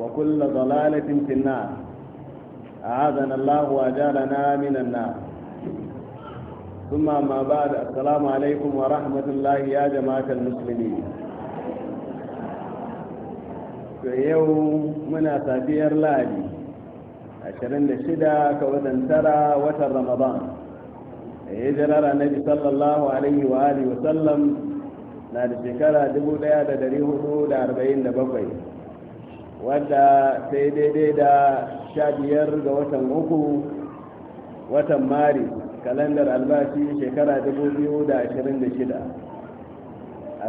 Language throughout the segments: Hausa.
وكل ضلالة في النار أعاذنا الله وأجالنا من النار ثم ما بعد السلام عليكم ورحمة الله يا جماعة المسلمين yau muna safiyar ladi 26 ga watan tara watan ramadan ya jirara na bi sallallahu alaihi wa na da shekara 1447 wanda sai daidai da sha biyar ga watan uku watan mari kalandar albashi shekara dubu a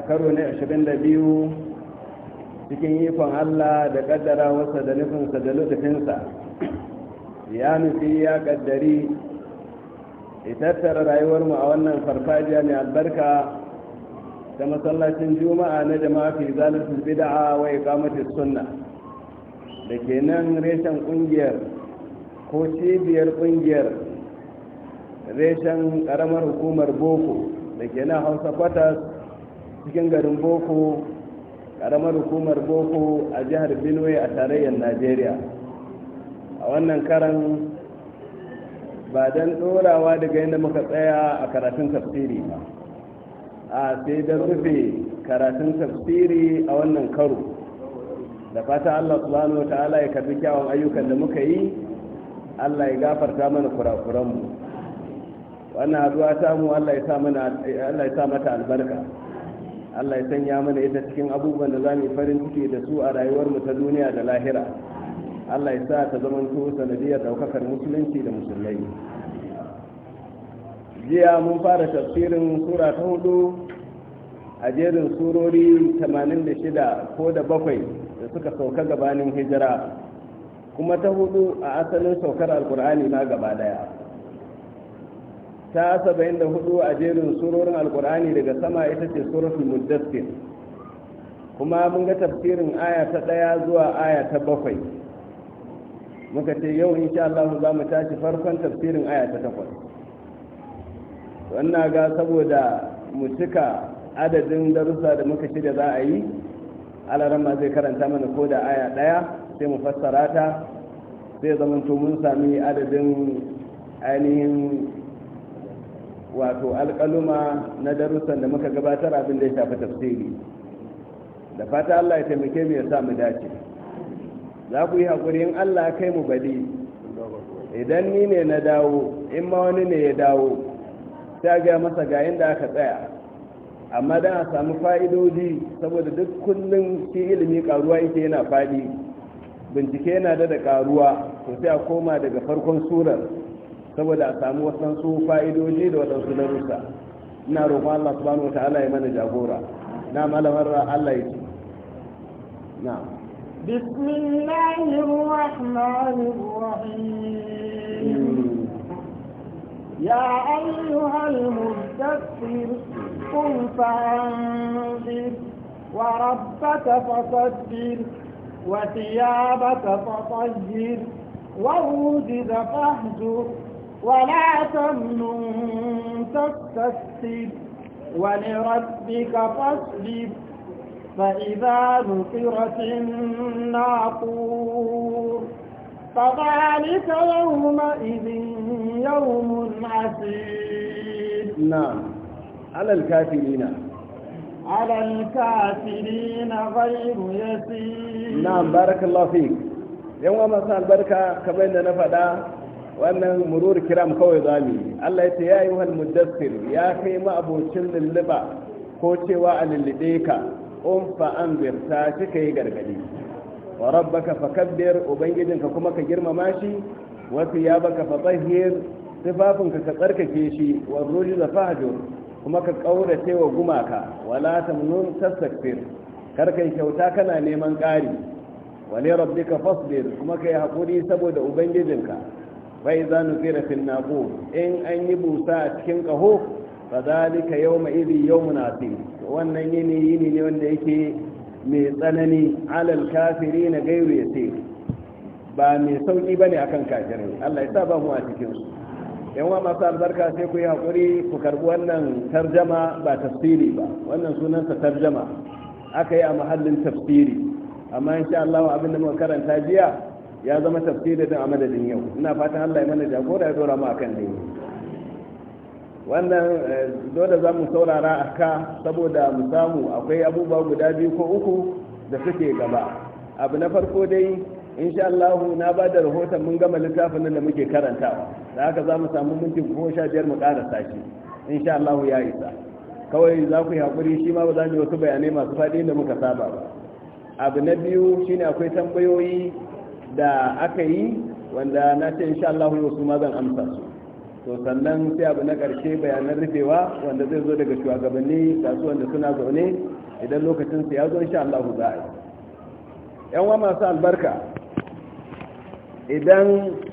karo na ashirin cikin ikon allah da kaddara wasa da nufinsa da lutufinsa ya nufi ya kaddari tattara rayuwarmu a wannan farfajiya mai albarka ta masallacin juma'a na jama'a fi zalatul bid'a wa iqamati sunna. da ke nan reshen ƙungiyar ko cibiyar ƙungiyar reshen ƙaramar hukumar boko da ke nan hausa kwatas cikin garin boko ƙaramar hukumar boko a jihar benue a tarayyar najeriya a wannan karan ba don ɗorawa daga yadda muka tsaya a karatun tafsiri ba a sai don rufe karatun tafsiri a wannan karo da fata Allah subhanahu wataala ya karbi kyawun ayyukan da muka yi Allah ya gafarta mana kurakuran mu wannan addu'a ta mu Allah ya sa mana Allah ya sa mata albarka Allah ya sanya mana ita cikin abubuwan da zamu farin ciki da su a rayuwar mu ta duniya da lahira Allah ya sa ta zama to sanadiyar daukakar musulunci da musulmai jiya mun fara tafsirin sura ta hudu a jerin surori 86 ko da bakwai da suka sauka gabanin hijira kuma ta hudu a asalin saukar alkur'ani na gaba daya ta 74 a jerin surorin alkur'ani daga sama ita ce surafi muddassir kuma mun ga tafsirin aya ta ɗaya zuwa aya ta bakwai muka ce yau insha Allah za mu tashi farkon tafsirin aya ta takwas wannan ga saboda mu cika adadin darussa da muka shirya za a yi ma zai karanta mana ko da aya daya sai mu fassara ta sai zamanto mun sami adadin ainihin wato alƙaluma na darussan da muka gabatar abin da ya shafi tafsiri da fata allah ya taimake mu ya sa mu dace za ku yi haƙurin allah kai mu badi idan ni ne na dawo in ma wani ne ya dawo ta gaya masa ga inda aka tsaya amma da a samu fa'idodi saboda duk kullum shi ilimi karuwa yake yana faɗi bincike yana da da karuwa to sai a koma daga farkon surar saboda a samu wasansu fa'idodi da waɗansu rusa ina roƙon Allah subhanahu wa ta'ala ya mana jagora na malamar Allah ya ce na بسم الله الرحمن يا أيها المدثر قم فأنذر وربك فصدر وثيابك فطير والرجز فاهجر ولا تمن تستكثر ولربك فاصبر فإذا نقرت الناقور فذلك يومئذ يوم عسير نعم على na على الكافرين غير يسير نعم بارك الله فيك يوم مساء البركة كما إننا فدا wannan murur kiram kawai zami Allah ya ce ya yi wal ya kai ma abocin lulluba ko cewa a lullube ka umfa an birta shi wa rabbaka fakabbir ubangijinka kuma ka girmama shi wa thiyabaka fatahhir tufafinka ka tsarkake shi wa da fahjur kuma ka kaurace wa gumaka wala tamnun tastakbir kar kai kyauta kana neman ƙari wali rabbika fasbir kuma kai hakuri saboda ubangijinka bai idza nuzira fil naqur in an yi busa a cikin ƙaho fa zalika yawma idhi yawmun asir wannan yini yini ne wanda yake mai tsanani alal kafiri na gairu ya ce ba mai sauƙi ba ne akan kafirai allah ya sa ba mu a cikinsu yan wa masu albarka sai ku yi haƙuri ku karɓi wannan tarjama ba tafsiri ba wannan sunansa tarjama aka yi a mahallin tafsiri amma sha Allah abin da muka karanta jiya ya zama tafsiri don a madadin yau ina fatan Allah ya mana jagora ya dora mu akan dai wannan eh, dole za mu saurara a ka saboda mu samu akwai abubuwa guda biyu ko uku da suke gaba abu na farko dai insha Allah na ba da rahoton mun gama littafin da muke karantawa da haka za mu samu minti goma sha biyar mu kara shi insha Allah ya isa kawai za ku yi haƙuri shi ma ba za mu wasu bayanai masu faɗi da muka saba ba abu na biyu shine akwai tambayoyi da aka yi wanda na ce insha Allah yau su ma zan amsa su to sannan sai abu na ƙarshe bayanan rufewa wanda zai zo daga shugabanni kasuwan wanda suna zaune idan lokacin su ya zo insha Allah za a yi yan wa masu albarka idan